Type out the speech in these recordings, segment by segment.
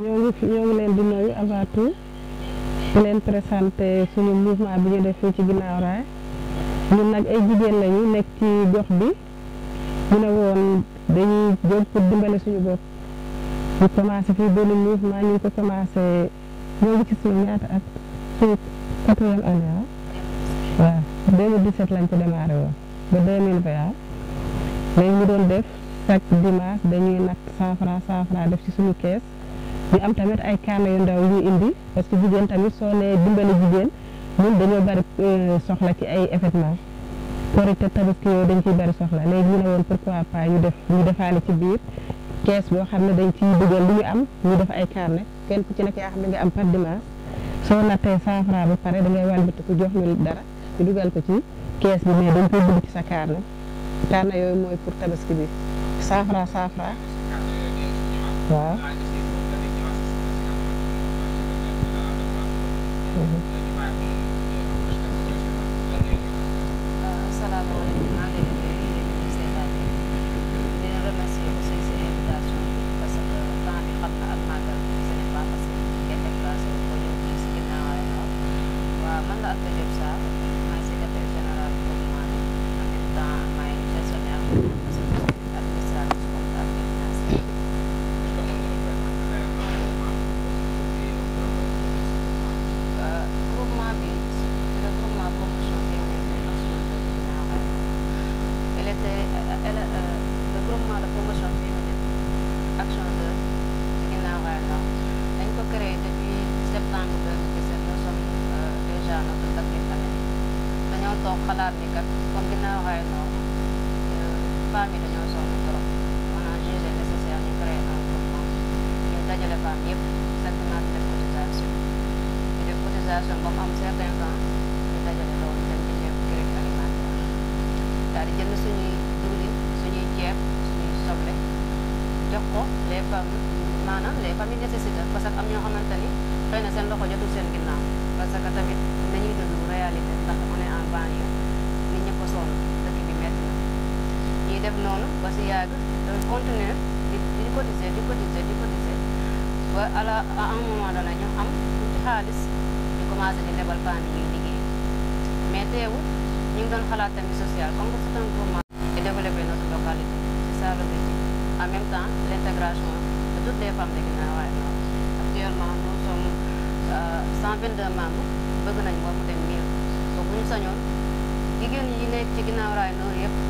ñoo ngi ñoo ngi leen di nuyu avant tout di leen présenté suñu mouvement bi ñu def fii ci ginnaaw raay ñun nag ay jigéen lañu nekk ci gox bi ñu ne woon dañuy jóg pour dimbale suñu bopp ñu commencé fii benn mouvement ñu ngi ko commencé ñoo ngi ci suñu ñaata at suñu quatrième année ah. waaw waaw 2017 lañ ko démarré woon ba 2020 léegi ñu doon def chaque dimanche dañuy natt 100 francs 100 francs def ci suñu kees ñu am tamit ay kaame yu ndaw yu indi parce que jigéen tamit soo nee dimbale jigéen ñun dañoo bari euh, soxla ci ay événement korite tabaski yooyu dañ ciy bari soxla léegi ñu ne woon pourquoi pas ñu def ñu defaale ci biir kees boo xam ne dañ ciy dugal lu ñu am ñu def ay carnet kenn ku ci nekk yaa xam nga am par soo nattee cent francs ba pare da ngay wàlbati ko jox dara ñu ko ci kees bi mais dañ koy ci sa carnet carnet yooyu mooy pour tabaski bi cent francs cent francs waaw Mm-hmm. そうかなっていうか沖縄杯のパーミルにそうと同じでですよねくらいの kita jadi pandip saya kenal deputizasi deputizasi paham saya kan kita jadi lawan dan bisa kiri Kalimantan dari jenis sunyi duri sunyi jeb sunyi soble joko lepa mana lepa mi necessita parce que am ñoo xamanteni xeyna sen loxo jotul sen ginnaw parce def noonu ba si yàgg dañu continuer di di cotiser di cotiser di cotiser ba à la à un moment donné ñu am tuuti xaalis ñu commencé di lebal paa ñuy liggéey mais teewul ñu ngi doon xalaat tamit social comme que c'est un groupement et développer notre localité c'est ça en même temps l'intégration de toutes les femmes de Guinaw Rail actuellement nous sommes 122 euh, membres bëgg nañ ba mu dem 1000 so bu ñu sañoon jigéen yi nekk ci Guinaw Rail loolu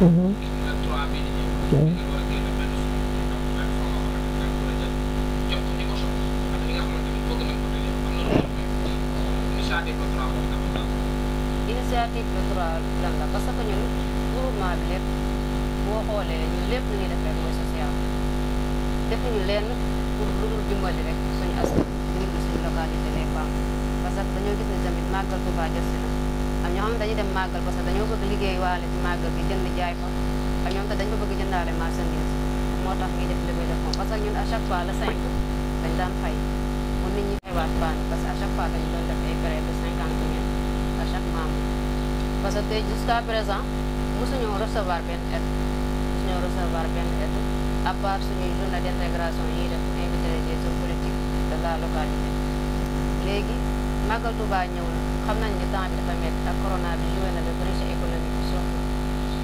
initiative de droit lan la parce que ñun groupement bi lépp boo xoolee ñun lépp lu ñuy def rek mooy social defuñu leen pour lu dul dimbali rek suñu askan dimbali suñu localité les femmes parce que dañoo gis ne am ñoo dem màggal parce que dañoo liggéey waale ci màggal bi jënd jaay fa ak ñoom te dañ ko bëgg jëndaale marchandise moo tax ñuy def levée de fonds parce que ñun à chaque fois le 5 dañ daan fay mun nit ñi xewaat baan parce que à chaque fois dañu doon def a prêt de 50 mille à chaque membre parce recevoir benn aide mosuñoo recevoir benn aide à part suñuy journée d'intégration yi def pour inviter les hommes politiques de la localité léegi màggal Tuubaa na xam nañ ni temps bi dafa métti ak na le brise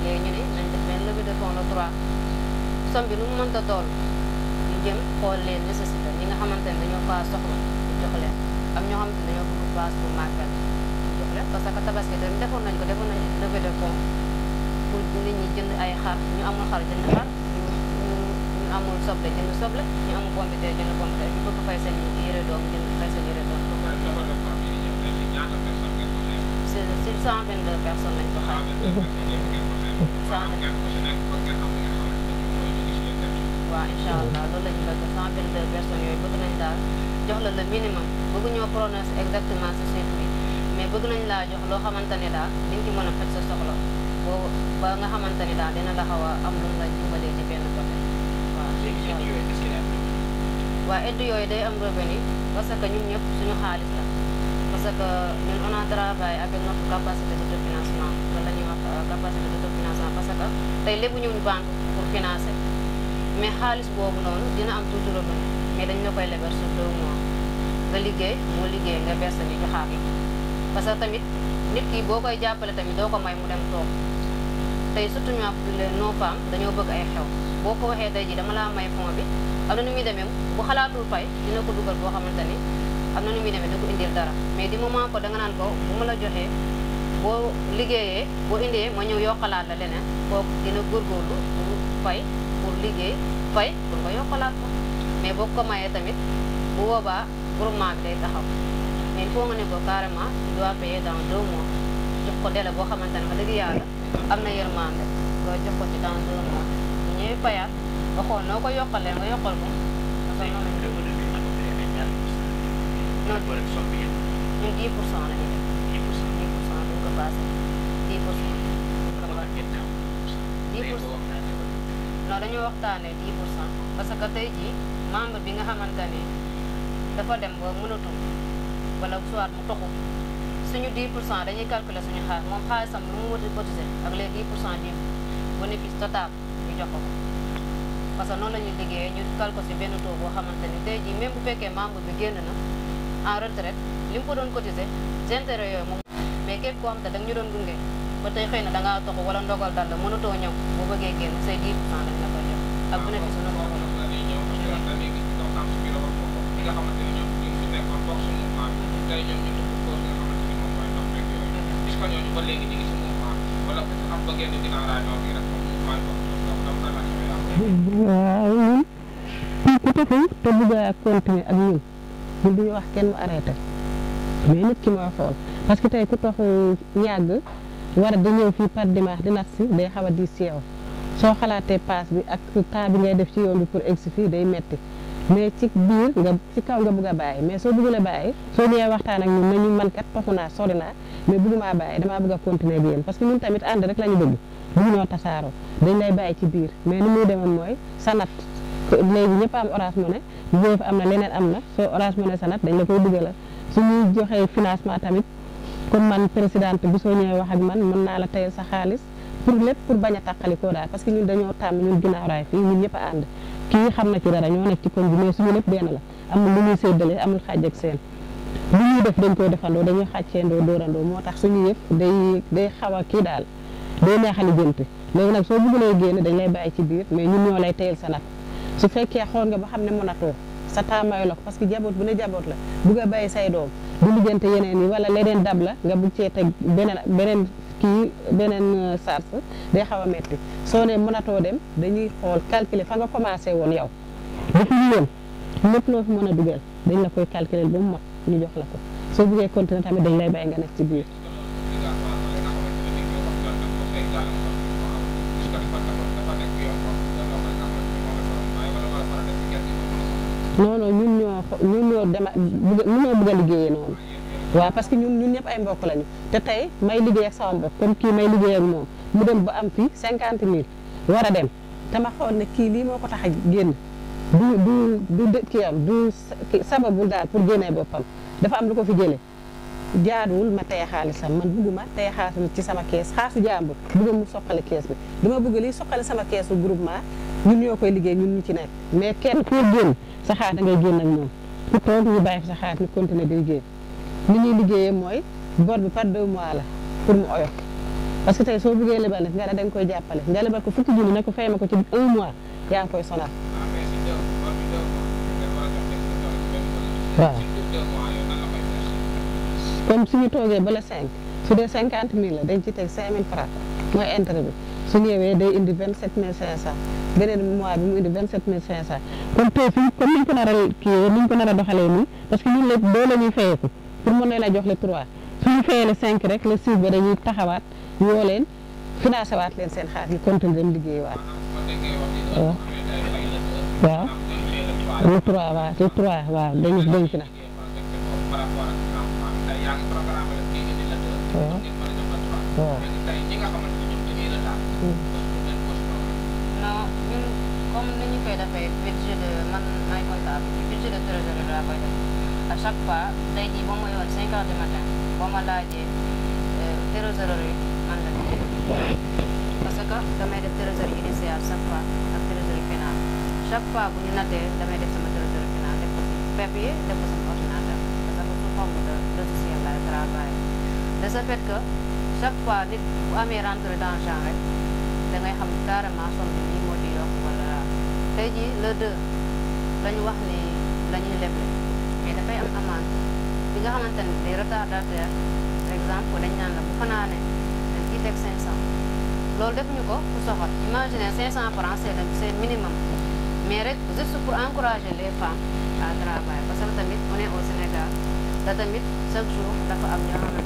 léegi ñu ne nañ def benn levée de fonds trois somme bi lu mu mënta toll ñu xool les nécessités ñi nga xamante ne dañoo faa soxla ñu jox leen am ñoo xam ne dañoo bëgg place pour màggal ñu jox leen parce que tabaski dem defoon nañ ko defoon nañ levée de fonds jënd ay xar ñu amul xar jënd xar ñu amul soble jënd soble ñu amul pompiteer jënd pompiteer ñu bëgg fay seen yére doom jënd fay seen yére doom 622 personnes lañ ko xaar waaw incha allah loolu la ñu bëgg 122 personnes yooyu bëgg nañ daal jox la le minimum bëgguñoo prononcer exactement sa chef bi mais bëgg nañ laa jox loo xamante ne daal liñ ci mën sa soxla boo ba nga xamante ne daal dina la xaw a am lu la dimbalee ci benn côté waaw incha allah waaw aide yooyu day am revenu parce que ñun ñëpp suñu xaalis la parce que ñun on a travaillé avec notre capacité de financement loolu la ñuy wax euh, capacité de asaka tey lebuñu ñu banque pour financer mais xaalis boobu noonu dina am tuuti mais dañ la koy lebal sur deux nga liggéey moo liggéey nga verser ni joxaat la parce tamit nit ki boo koy jàppale tamit doo ko may mu dem toog tey surtout ñoo nos femmes dañoo bëgg boo ko waxee jii dama laa may fond bi am na nu muy demee bu xalaatul fay dina ko dugal boo xamante ni am na nu muy demee da ko mais di moment ko da naan ko bu la joxee boo liggéeyee boo indee ma ñëw yokkalaat la leneen boo gën goo góorgóorlu pour fay pour liggéey fay pour nga yokkalaat mais boo ko mayee tamit bu boobaa groupement bi day taxaw mais il faut nga ne ko carrément a dois payer dans deux mois jox ko délai boo xamante ne wax dëgg am na yërmande nga jox ko ci dans deux mois ñëwee fayaat nga xool noo ko yokkalee nga yokkal ko. non ñun non dañu waxtaane 10 pour cent que tey jii membre bi nga xamante ni dafa dem ba mënatul wala soit mu toxu suñu di pour cent dañuy calculer suñu xaar moom xaalisam lu mu wati cotisé ak les 10 pour cent du bénéfice total ñu jox ko parce que noonu la ñuy liggéeyee ñu kal si benn taux boo xamante ni tey jii même bu fekkee membre bi génn na en retraite li mu ko doon cotisé intérêt yooyu moom mais képp koo te da ñu doon gunge batay xeyna da nga toog wala ndogal dal la mënatoo ñëw boo bëggee génn say dix pour cent la koy jox ak bu nekk suñu moom waaw ak wax kenn mu arrêté mais nit ki parce que tey ku tox yàgg war a di ñëw fii par dimanche di nag si day xaw a di seew soo xalaatee paas bi ak temps bi ngay def ci yoon bi pour egg day metti mais ci biir nga ci kaw nga bëgg a bàyyi mais soo bëggulee bàyyi soo ñëwee waxtaan ak ñun nañu man kat toxu naa sori naa mais bëggumaa bàyyi damaa bëgg a continuer bi parce que mun tamit ànd rek la ñu bëgg bëgguñoo tasaaroo dañ lay bàyyi ci biir mais ni muy demoon mooy sanat léegi ñëpp am orange money Wave am na leneen am na soo orange money sanat dañ la koy dugalal suñuy joxee financement tamit kon man présidente bu soo ñëwee wax ak man mën naa la tayal sa xaalis pour lépp pour bañ a ko daal parce que ñun dañoo tàmm ñun ginnaaw raay fii ñun ñëpp a ànd kii xam na ci dara ñoo nekk ci koñ bi mais suñu lépp benn la amul lu ñuy séddale amul xaaj ak seen lu ñuy def dañ koy defandoo dañuy xàcceendoo doorandoo moo tax suñu yëf day day xaw a kii daal day neexali jënt léegi nag soo bëggulee génn dañ lay bàyyi ci biir mais ñun ñoo lay tayal sa nat su fekkee xool nga ba xam ne mënatoo sa temps mayu la ko parce que jaboot bu ne jaboot la bugg a bàyyi say doom bu lijjante yeneen yi wala leneen dab la nga bugg cee teg beneen beneen kii beneen sars euh, day xaw a metti soo ne mënatoo dem dañuy xool calculer fa nga commencé woon yow li fi ñu woon loo fi mën a duggal dañ la koy calculer ba mu mat ñu jox la ko soo buggee continuer tamit dañ lay bay nga nekk ci biir noonu ñun ñoo ñun ñoo dema ñoo bëgg a noonu waaw parce que ñun ñun ñëpp ay mbokk lañu te tey may liggéey ak sama mbokk kii may liggéey ak mu dem ba am fii cinquante mille war a dem te ma xool ne kii lii moo ko tax a génn du du du kii am du sababu daal pour génnee boppam dafa am lu ko fi jëlee jaaduwul ma tey xaalisam man bëgguma tey xaalisam ci sama kees xaasu jàmbur bëgguma mu soqale kees bi dama bëgg liy soqale sama keesu groupement ñun ñoo koy liggéey ñun ñu ci nekk mais kenn ku génn sa xaar da ngay génn ak ñoom ku toog ñu bàyyi fa sa xaar ñu continuer di liggéey ni ñuy liggéeyee mooy bor bi par deux mois la pour mu oyo parce que tey soo bëggee lebal nit nga ne da koy jàppale nga lebal ko fukki junni ne ko fay ma ko ci un mois yaa ngi koy sonal ah, comme ñu toogee ba la cinq su dee cinquante mille la dañ ci teg cinq mille francs mooy intérêt bi su ñëwee day indi vingt sept mille cinq cent beneen mois bi mu indi vingt sept mille cinq cent kon tey fii comme ni ñu ko nar a kii ni ñu ko a jox le trois suñu fayee le cinq rek le six ba dañuy taxawaat yoo leen financé waat leen seen xaar yi continuer dem liggéey waat waaw waaw le trois waaw le dañu dañ fi na waaw ñun tey ñi nga ni ñoom dañuy retard. Mmh. non ñun comme ni ñu koy defee budget de man maay comptable ci budget de trésorerie laa koy def à ma yoon 5 heures du matin boo ma euh, man la ñu parce que damay def trésorerie initiale chaque fois ak trésorerie finale chaque fois bu ñu nattee damay def sama trésorerie finale def ko si papier def ko sama ordinateur de logiciel chaque fois nit bu amee rentré dans genre rek da ngay xam carrément somme moo ci yokk wala tey jii le deux la wax ni la ñuy leble mais dafay am amende bi nga xamante ne des retardataires par exemple dañ naan la bu fanaane dañ ciy teg 500 loolu def ñu ko ku soxor imaginez 500 francs c'est c'est minimum mais rek juste pour encourager les femmes à travailler parce que tamit on est au Sénégal te tamit chaque jour dafa am ñoo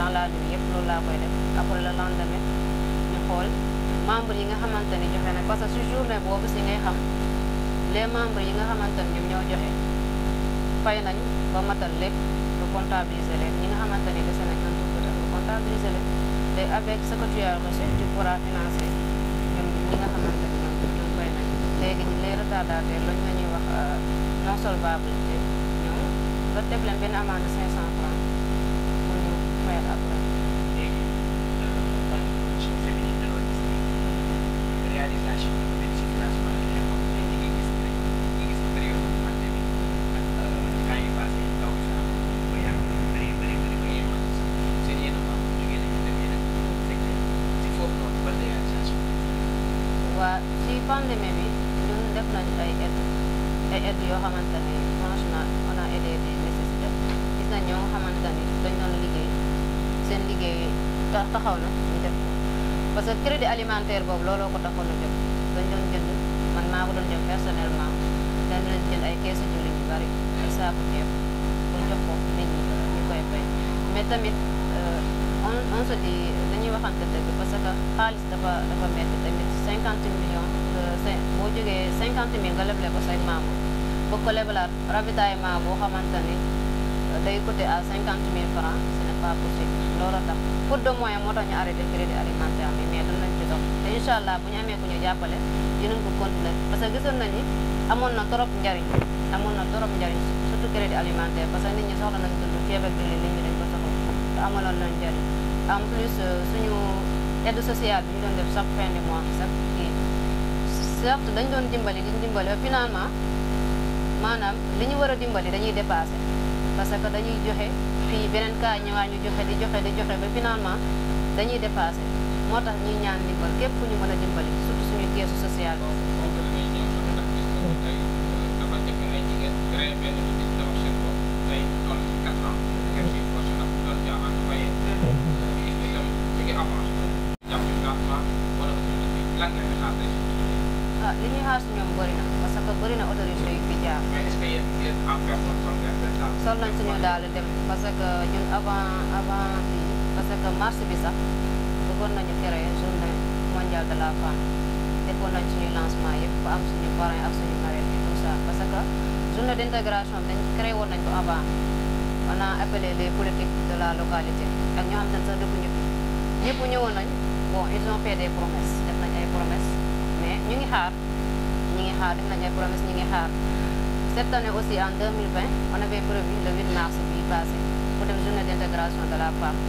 dans la nuit yëpp loolu laa koy def après le lendemain ñu xool membre yi nga xamante ni joxe nag parce que su journée boobu si ngay xam les membres yi nga xamante ni ñoom ñoo joxe fay nañ ba matal lépp nga comptabiliser leen ñi nga xamante ni dese nañ un tout petit nga comptabiliser leen te avec ce que tu as reçu tu pourras financer nga ñuy wax euh, non solvabilité ñoom nga def leen benn amende 500 francs やなこれ。taxaw na ñu def parce que crédit alimentaire boobu looloo ko taxoon a jóg dañ doon jënd man maa ko doon jënd personnellement dañ leen jënd ay keesu jëli yu bari ay saaku ceeb pour jox ko nit ñi tamit euh, on on dañuy waxante dëgg parce que xaalis dafa dafa euh, boo jógee 50 mille nga ko say membre bëgg ko lebalaat ravitaillement boo xamante ni euh, day coûté à 50 mille francs a possible loolu tax faute de moyen moo tax ñu arrêté crédit alimentaire bi mais danañ ci dox te incha allah bu ñu ku ñu jàppale dinañ ko continuer parce que na ñi amoon na trop njariñ amoon na trop njariñ surtout crédit alimentaire parce que nit ñi soxla nañ dund ceeb ak dund nit ñi dañ ko soxla te amaloon nañ njariñ en plus suñu aide sociale bi ñu doon def chaque fin de mois chaque kii certes dañ doon dimbali di dimbali finalement maanaam li ñu war a dimbali dañuy dépassé parce que dañuy joxe fi benen ka ñëwaat ñu joxe di joxe di joxe ba finalement dañuy dépassé motax tax ñuy ñaan ndimbal képp ku ñu mëna dimbali surtout suñu keesu social bi. Ah, li ñuy xaar si ñoom na parce que na autorité yu fi jaar. mais est ce que yéen en sol nañ suñu daal dem parce que ñun avant avant bi parce que mars bi sax bëggoon nañu créer journée mondiale de la femme defoon nañ suñu lancement yëpp ba am suñu parrain ak suñu marraine et tout ça parce que journée d'intégration dañ créé woon nañ ko avant on a appelé les politiques de la localité ak ñoo xam ne sax dëkkuñu fi ñëpp ñëwoon nañ bon ils ont fait des promesses def nañ ay promesses mais ñu ngi xaar ñu ngi xaar def nañ ay promesses ñu ngi xaar Certains ont aussi en 2020, on avait prévu le 8 mars qui passé pour une journée d'intégration de la femme,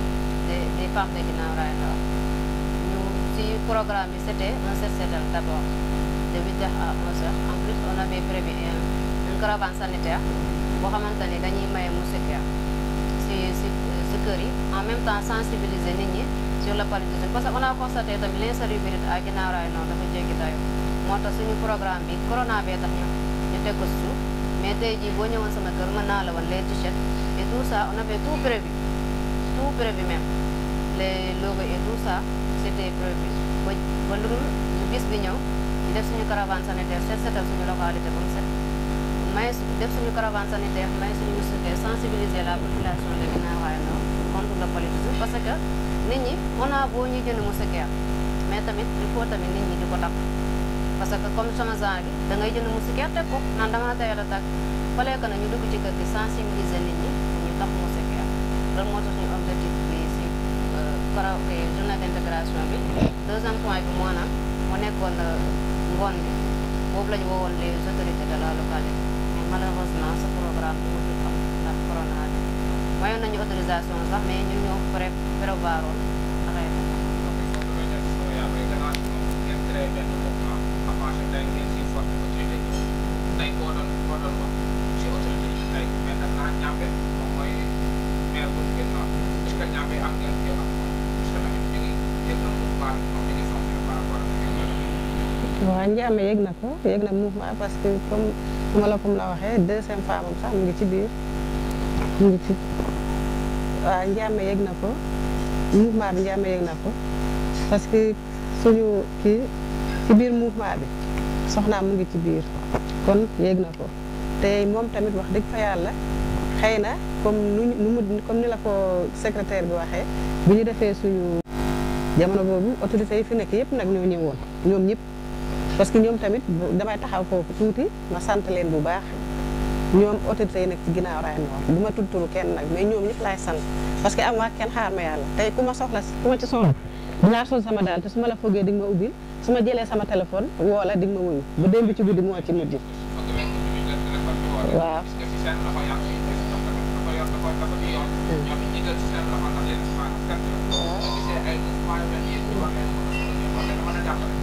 des, des femmes de Guinée Nous, si programme, c'était un CCDL d'abord, de 8h à 11h. En plus, on avait prévu un, une caravane sanitaire pour ramener les gagnants et les si kër yi en même temps sensibiliser nit ñi sur le paludisme parce que on a constaté tamit l'insalubrité à Guinaw Rail noonu dafa jéggi dayo moo tax suñu programme bi corona bee tax ñu ñu teg ko suuf mais tey jii boo ñëwoon sama kër mën naa la wan les t-shirts et tout ça on avait tout prévu tout prévu même les logos et tout ça c'était lu bis bi ñëw ñu def suñu caravane sanitaire set setal suñu localité comme set may def suñu caravane sanitaire may suñu musulmé sensibiliser la population de Guinaw parce que nit ñi on a boo ñuy mais tamit il faut tamit nit ñi di ko takk parce que comme sama genre bi dangay ngay jënd musu gerte ko naan damaa tayal a tàkk fallait que na dugg ci kër gi sensibiliser nit ñi ñu tax musu gerte moo tax ñu objectif bi si euh, karaoke journée d'intégration bi deuxième point moo naan mu nekkoon euh, ngoon bi boobu la ñu woowoon les autorités de la localité mais malheureusement ce programme bi mu am ndax corona bi mayoon nañu autorisation sax mais ñun ñoo pré prévoir woon arrêté waaw Ndiame na ko yëg na mouvement parce que comme nu la ko la waxee deuxième femme sax mu ngi ci biir mu ngi ci waaw Ndiame yëg na ko mouvement bi Ndiame yëg na ko parce que suñu kii ci biir mouvement bi soxnaa mu ngi ci biir kon yëg na ko te moom tamit wax dëgg fa yàlla xëy na comme nu mu comme ni la ko secrétaire bi waxee bu ñu defee suñu jamono boobu autorités yi fi nekk yëpp nag ñoo woon ñoom ñëpp. parce que ñoom tamit damay taxaw foofu tuuti ma sant leen bu baax ñoom autorité yi nag ci ginnaaw a noor du ma tudd turu kenn nag mais ñoom ñëpp laay sant parce que am waa kenn xaar ma yàlla tey ku ma soxla ku ma ci soxla dinaa sol sama daal te su ma la foogee di nga ma ubbi su ma jëlee sama téléphone woo la di ma wuyu bu démb ci guddi moo ci mujj waaw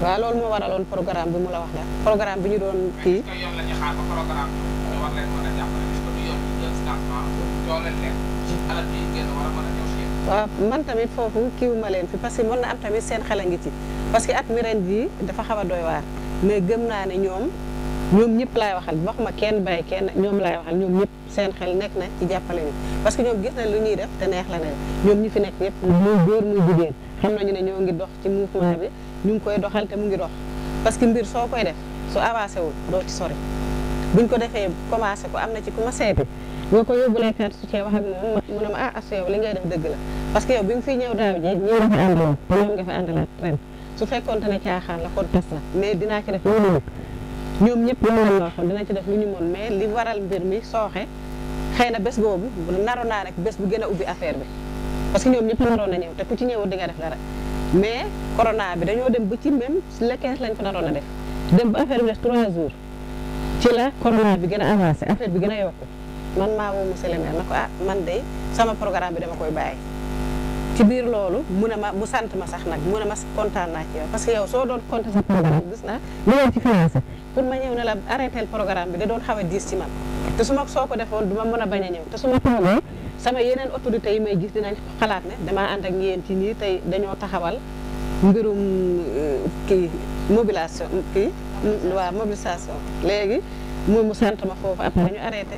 waaw loolu moo waraloon programme bi mu la wax daal programme bi ñu doon kii. waaw man tamit foofu kiiwu leen fi parce que mën na am tamit seen xel a ngi ci parce que at mi ren jii dafa xaw a doy waar mais gëm naa ne ñoom ñoom ñëpp laay waxal waxuma kenn bàyyi kenn ñoom laay waxal ñoom ñëpp seen xel nekk na ci jàppale ni parce que ñoom gis nañ lu ñuy def te neex la ne ñoom ñi fi nekk ñëpp muy góor muy jigéen am na ñu ne ñoo ngi dox ci mouvement bi ñu ngi koy doxal te mu ngi dox parce que mbir soo koy def su avancé wul doo ci sori buñ ko defee commencé ko am na ci ku ma seeti ñoo ko yóbbulee carte su cee wax ak moom mu ne ma ah asu yow li ngay def dëgg la parce que yow bi nga fiy ñëw daaw jeeg ñii nga fi àndaloon te ñoom nga fi àndalaat ren su fekkoonte ne caaxaan la kon tas la mais dinaa ci def lu ñu mën ñoom ñëpp lu lan la ci def lu ñu mën mais li waral mbir mi sooxee xëy na bés boobu naroon naa rek bés bu gën a ubbi affaire bi parce que ñoom ñëpp naroon na ñëw te ku ci ñëwul di nga def dara mais corona bi dañoo dem ba ci même le 15 lañ fa na a def dem ba affaire bi def 3 jours ci la corona bi gën a avancé affaire bi gën a yokku man maa woo monsieur le na ko ah man de sama programme bi dama koy bàyyi. ci biir loolu mu ne ma mu sant ma sax nag mu ne ma kontaan naa ci yow parce que yow soo doon compté sa programme gis naa li ngeen ma ñëw na la arrêté programme bi da doon xaw a diis ci man te su ma soo ko defoon du ma mën a bañ a ñëw te su ma toogee sama yeneen autorité yi may gis dinañ xalaat ne damaa ànd ak yéen ti nii tey dañoo taxawal mbirum euh, kii mobilisation kii léegi mu mu sant ma foofu après ñu arrêté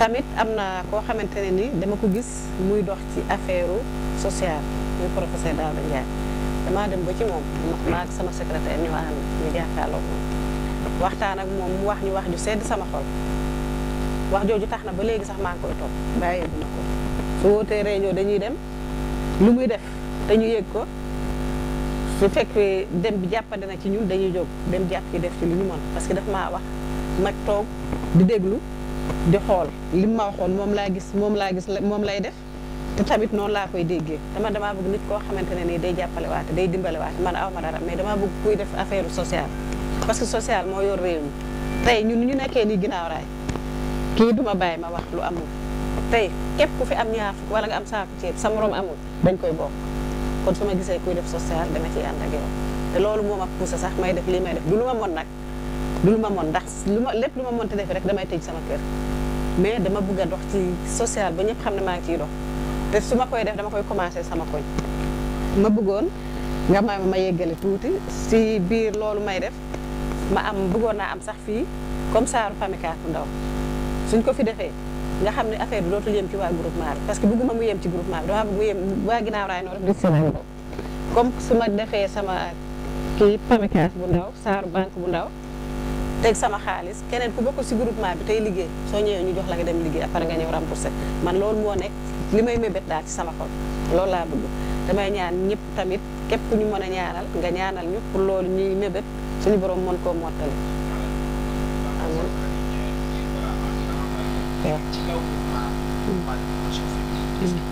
tamit am na koo xamante ne ni dama ko gis muy dox ci affaire sociale muy professeur Daouda Ndiaye damaa dem ba ci moom ma sama secrétaire ñu ànd ñu waxtaan ak moom wax ñu wax ju sedd sama xol wax jooju tax na ba léegi sax maa ngi koy topp bàyyee dina wootee réunion dañuy dem lu muy def te ñu yëg ko su fekkee dem bi jàppande na ci ñun dañuy jog dem jàpp ki def ci lu ñu mën parce que daf maa wax mag toog di déglu di xool li ma waxoon moom laa gis moom laa gis moom lay def te tamit noonu laa koy déggee dama damaa bëgg nit koo xamante ne nii day jàppale waate day dimbale waate man aw ma dara mais damaa bëgg kuy def affaire sociale parce que sociale moo yor réew mi tey ñun ñu nekkee nii ginnaaw raay kii duma bàyyi ma wax lu amul tey képp ku fi am ñaar fukk wala nga am saaku ceeb sa morom amul dañ koy bokk kon su ma gisee kuy def sociale dama ciy ànd ak yow te loolu moo ma poussé sax may def lii may def du nag lu ma mën ndax lu ma lépp lu ma mënta def rek damay tëj sama kër mais dama bëgg ndox ci social ba ñëpp xam ne maa ngi ciy dox te su ma koy def dama koy commencé sama koy ma bëggoon nga may ma ma yeggale si biir loolu may def ma am bëggoon naa am sax fii comme saaru famikaar bu ndaw suñ ko fi defee nga xam ne affaire bi dootul yem ci parce que bëgguma mu yem ci groupement bi dama bëgg mu yem waa ginnaaw raay noonu comme su ma defee sama kii famikaar bu ndaw saaru banque bu ndaw tek sama xaalis keneen ku bokkul ci groupement bi tay liggé so ñëw ñu jox la nga dem liggé après nga ñëw rembourser man lool mo nek limay mebet da ci sama xol lool la bëgg damay ñaan ñepp tamit képp ku ñu mëna ñaanal nga ñaanal ñu pour lool ñi mebet suñu borom mon ko ci kaw mottali ba ci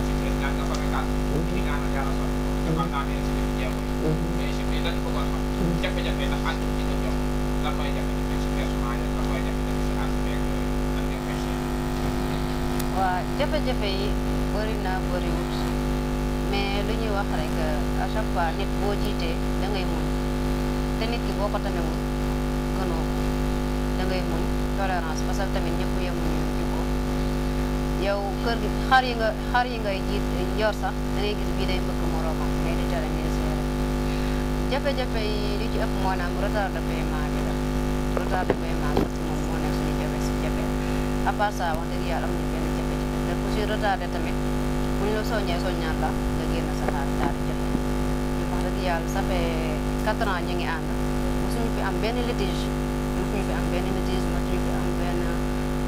waa jafe-jafe yi bëri na bëriwut mais lu ñuy wax rek à chaque nit boo jiitee da ngay muñ te nit ki boo ko tamewul gënoo ko da ngay muñ tolérance parce que tamit ñëpp yemuñu jikko yow kër gi xar yi nga xar yi ngay jiit yor sax da gis bii day mbëkk moom jafe-jafe yi li ci ëpp moo naam retard de paiement bi la retard de paiement surtout moom moo nekk suñu jafe si jafe à part ça wax dëgg yàlla amuñu benn jafe-jafe te ku si retardé tamit bu ñu la soññee soññaan la nga génn sa xaalis daal di jafe ñu wax dëgg yàlla ça fait quatre ans ñu ngi ànd mosuñu fi am benn litige mosuñu fi am benn litige mosuñu fi am benn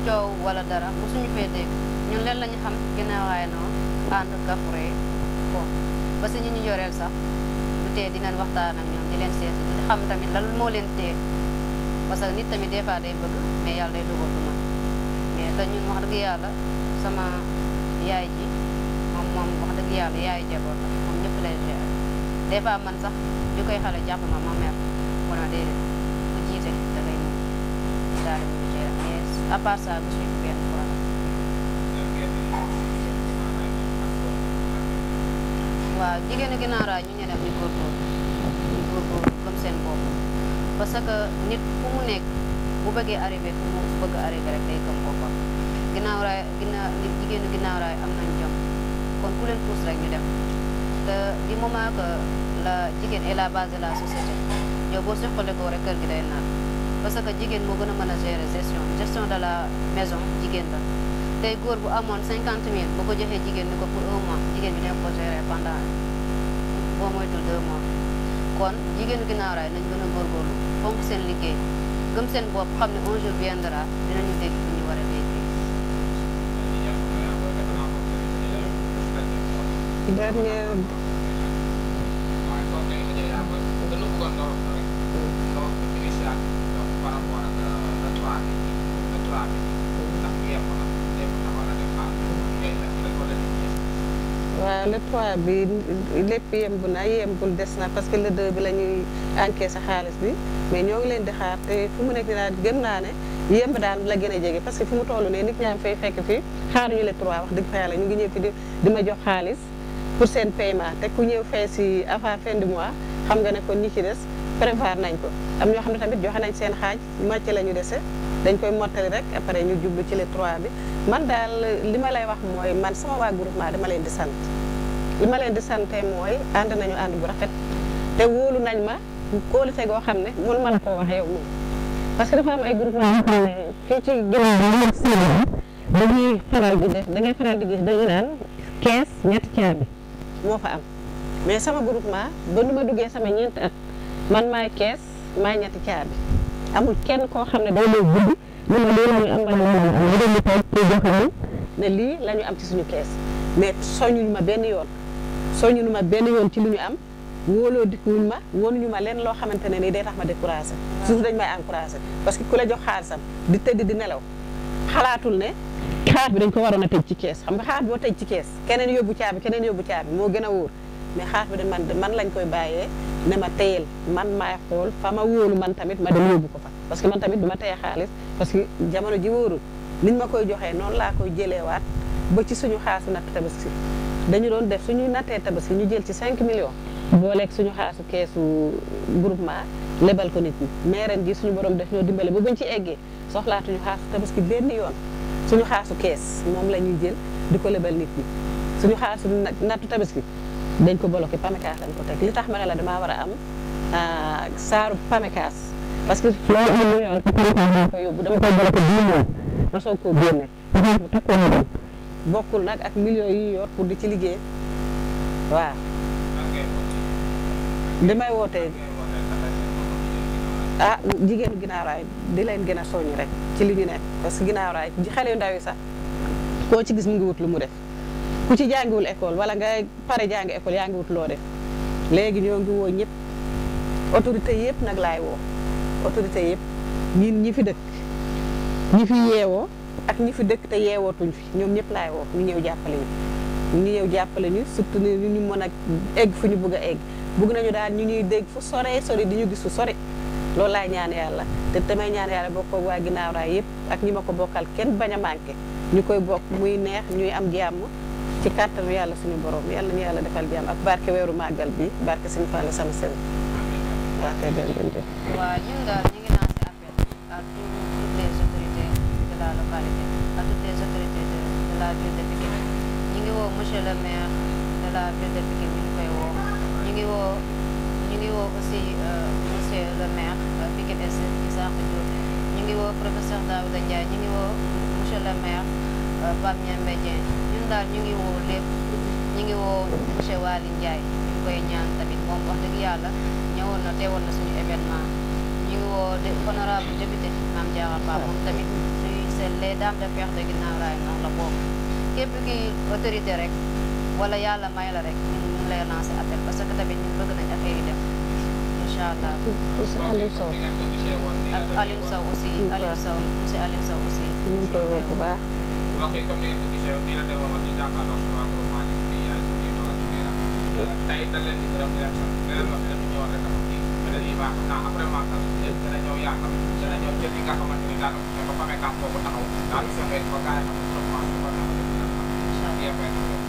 coow wala dara mosuñu fee dégg ñun leen lañu xam ginnaawaay noonu ànd kafre foofu parce que ñi ñu yoreel sax tee dinañ waxtaan ak ñoom di leen seet di xam tamit lan moo leen tee parce que nit tamit des fois day bëgg mais yàlla day dogal du man mais te ñun wax dëgg yàlla sama yaay ji moom moom wax dëgg yàlla yaay jaboot la moom ñëpp lay leer man sax li koy xale jàpp ma ma mer wala déedéet bu jiite da ngay ñëw daal di mujj mais à part ça je suis waaw jigéenu Guinaw Rail ñu ñu def ñu ñu góorgóorlu comme seen bopp parce que nit fu mu nekk bu bëggee arrivé fu mu bëgg arrivé rek day gëm boppam Guinaw Rail Guinaw jigéenu Guinaw jom kon ku leen rek ñu dem te du moment la jigéen est la base de la société yow boo soxalee ko rek kër gi day naat parce que jigéen moo gën a mën a gérer gestion gestion de la maison jigéen la tey góor bu amoon cinquante mille bu ko joxee jigéen ni ko pour un jigéen bi dina ko gérer pendant boo moytul deux mois kon jigéenu ginnaaw raay nañ gën a góorgóorlu fonk seen liggéey gëm seen bopp xam ne un jour viendra dinañu dégg fu ñu war a trois bi lépp yembu na yembul des na parce que le deux bi la ñuy encaissé xaalis bi mais ñoo ngi leen di xaar te fu mu nekk daal gëm naa ne yemb daal la gën a jege parce que fi mu toll nii nit ñaa ngi fay fekk fii xaaruñu le trois wax dëgg fa yàlla ñu ngi ñëw fi di di ma jox xaalis pour seen paiement te ku ñëw fee si avant fin mois xam nga ne kon ñi ci des prévoir nañ ko am ñoo xam ne tamit joxe nañ seen xaaj màcc la ñu dese dañ koy mottali rek après ñu jublu ci le trois bi man daal li ma lay wax mooy man sama waa groupement dama leen di sant li ma leen di sante mooy ànd nañu ànd bu rafet te wóolu nañ ma kóolute goo xam ne mënu ma la koo wax yow moom parce que dafa am ay groupement yoo xam ne fii ci ginnaaw si dañuy faral di def da ngay faral di gis dañu naan kees ñetti caabi moo fa am mais sama groupement ba nu ma duggee sama ñeenti at man maay kees maay ñetti caabi amul kenn koo xam ne day lay gudd ñu ne lii la ñu am wala am nga dem di toog pour jox leen ne lii la ñu am ci suñu kees mais soñuñu ma benn yoon soññu ma benn yoon ci lu ñu am wooloo dikkuwuñ ma wonuñu ma leen loo xamante ne nii day tax ma découragé surtout dañ may encouragé parce que ku la jox xaalisam di tëdd di nelaw xalaatul ne xaar bi dañ ko waroon a tëj ci kees xam nga xaar boo tëj ci kees keneen yóbbu caabi keneen yóbbu caabi moo gën a wóor mais xaar bi de man man lañ koy bàyyee ne ma teyeel man maay xool fa ma wóolu man tamit ma dem yóbbu ko fa parce que man tamit du ma teyee xaalis parce que jamono ji wóorul niñ ma koy joxee noonu laa koy jëleewaat ba ci suñu xaalisu natt tabaski dañu doon def suñuy nattee tabaski ñu jël ci 5 millions booleeg suñu xaasu keesu groupement lebal ko nit ñi mais ren ji suñu borom def ñoo dimbale ba buñ ci eggee soxlaatuñu xaasu tabaski benn yoon suñu xaasu kees moom la ñuy jël di ko lebal nit ñi suñu xaasu nattu tabaski dañ ko bloqué PAMECAS lañ ko teg li tax ma ne la damaa war a am saaru PAMECAS parce que loolu am na yoon dama koy yóbbu dama koy bloqué soog koo génne bokkul nag ak million yi yor pour di ci liggéey waa li may wootee ah jigéenu ginaaraay di leen gën a soññ rek ci li nekk parce que ginnaawraay ji xale yu sax koo ci gis mu ngi wut mu def ku ci jàngiwul école wala nga pare jàngi école yaa ngi wut loo léegi ñoo ngi woo ñëpp autorité yëpp nag laay woo autorité yëpp ñin ñi fi dëkk ñi fi yeewoo ak ñi fi dëkk te yeewootuñ fi ñoom ñëpp laay woo ñu ñëw jàppale ñu ñu ñëw jàppale ñu surtout ni ñu mën a egg fu ñu bugg a egg bëgg nañu daal ñu ñuy dégg fu soree sori di ñu gis fu sore loolu laay ñaan yàlla te tamay ñaan yàlla bokk waa ginnaaw raay yëpp ak ñi ma ko bokkal kenn bañ a manqué ñu koy bokk muy neex ñuy am jàmm ci kàttanu yàlla suñu borom yàlla ñu yàlla defal jàmm ak barke weeru màggal bi barke suñu Fallou sama seen waaw kay jërëjëf la localité à toutes autorités de, la ville de Pikine ñu ngi woo monsieur le maire de la ville de Pikine ñu ngi woo ñu ngi woo ñu ngi le maire Pikine Est Isaac Diop ñu ngi woo professeur ñu ngi woo monsieur le maire Pape ñu ngi woo lépp ñu ngi woo monsieur Waly Ndiaye ñu ngi koy ñaan tamit moom wax dëgg yàlla ñëwoon na teewoon na suñu événement ñu ngi woo honorable député Mame Diarra moom tamit tutelle les dames de fer de ginnaaw raay ndax la boobu képp ki autorité rek wala yàlla may la rek ñun ñu lay lancer appel parce que tamit ñun bëgg nañ affaire yi def incha allah. monsieur Aliou Sow. ak Aliou Sow aussi. Aliou Sow monsieur yi baax na après ma tax dana ñëw yaatal dana ñëw jël li nga xamante ni daal dafa fexe taxaw daal fexe ba carrément